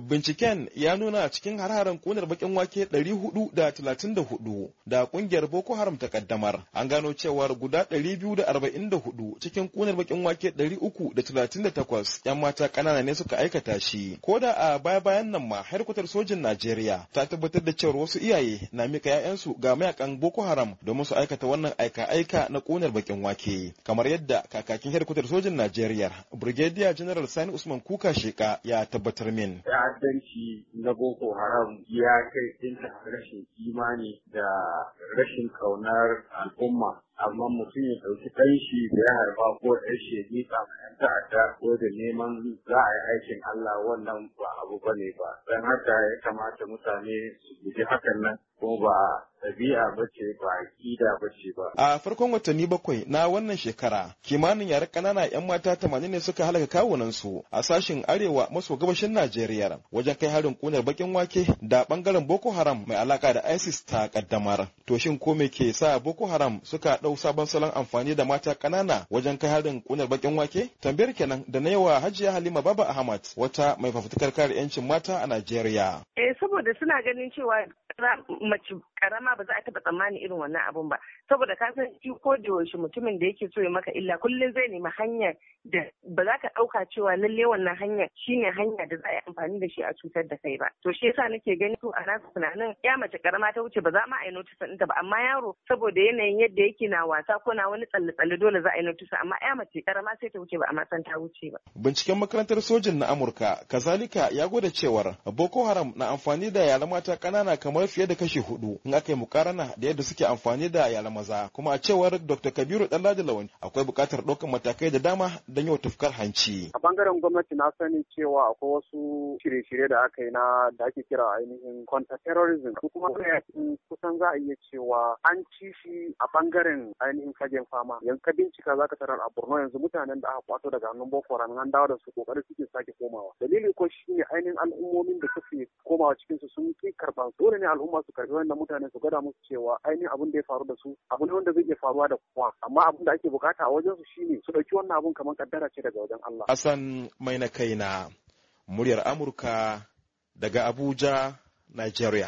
Binciken ya nuna cikin har-haren kunar bakin wake 434 da ƙungiyar Boko Haram ta kaddamar. An gano cewar guda 244 cikin kunar bakin wake 338 'yan mata kanana ne suka aikata shi. Ko da a baya-bayan nan ma harkutar sojin Najeriya ta tabbatar da cewar wasu iyaye na mika 'ya'yansu ga mayakan Boko Haram domin su aikata wannan aika-aika na kunar bakin wake. Kamar yadda kakakin harkutar sojin Najeriya, Brigadier General Sani Usman Kuka Sheka ya tabbatar min. ta'addanci na Boko Haram ya kai tinta rashin imani da rashin kaunar al'umma amma mutum ya ɗauki ɗanshi da ya harba ko ɗan shege tsakanin ta'adda ko da neman za a yi aikin Allah wannan ba abu ba ne ba don haka ya kamata mutane su guji hakan nan ko ba ɗabi'a ba ce ba ƙida ba ce ba. A farkon watanni bakwai na wannan shekara kimanin yare ƙanana 'yan mata tamanin ne suka halaka kawunansu a sashen arewa maso gabashin Najeriya wajen kai harin ƙunar baƙin wake da ɓangaren Boko Haram mai alaƙa da ISIS ta ƙaddamar. To shin ko me ke sa Boko Haram suka ɗau sabon salon amfani da mata ƙanana wajen kai harin ƙunar baƙin wake? Tambayar kenan da na yawa Hajiya Halima Baba Ahmad wata mai fafutukar kare 'yancin mata a Najeriya. Eh saboda suna ganin cewa mace karama ba za a taba tsammani irin wannan abun ba saboda ka san shi ko da yaushe mutumin da yake so ya maka illa kullum zai nemi hanyar da ba za ka dauka cewa lalle wannan hanya shine hanya da za a yi amfani da shi a cutar da kai ba to shi yasa nake gani to a nasu tunanin ya mace karama ta wuce ba za ma a yi notice ɗinta ba amma yaro saboda yanayin yadda yake na wasa ko na wani tsalle tsalle dole za a yi notice amma ya mace karama sai ta wuce ba amma san ta wuce ba binciken makarantar sojin na Amurka kazalika ya gwada cewar Boko Haram na amfani da yara mata kanana kamar fiye da kashi hudu in aka yi mukarana da yadda suke amfani da yara maza kuma a cewar dr kabiru danladi lawan akwai bukatar ɗaukar matakai da dama don yau tafkar hanci a bangaren gwamnati na sani cewa akwai wasu shirye-shirye da aka yi na da ake kira ainihin counter terrorism su kuma kusan za a iya cewa an ci shi a bangaren ainihin fagen fama yanzu ka bincika za ka tarar a borno yanzu mutanen da aka kwato daga hannun boko haram an dawo da su kokarin suke sake komawa Dalilin ko ne ainihin al'ummomin da suke komawa cikinsu sun kai karɓa dole ne al'umma su karɓi wannan mutane su gada musu cewa ainihin abin da ya faru da su abu ne wanda zai iya faruwa da kowa amma abin da ake bukata a wajen su shine su ɗauki wannan abun kamar kaddara ce daga wajen Allah. Hassan mai na kaina muryar Amurka daga Abuja, Nigeria.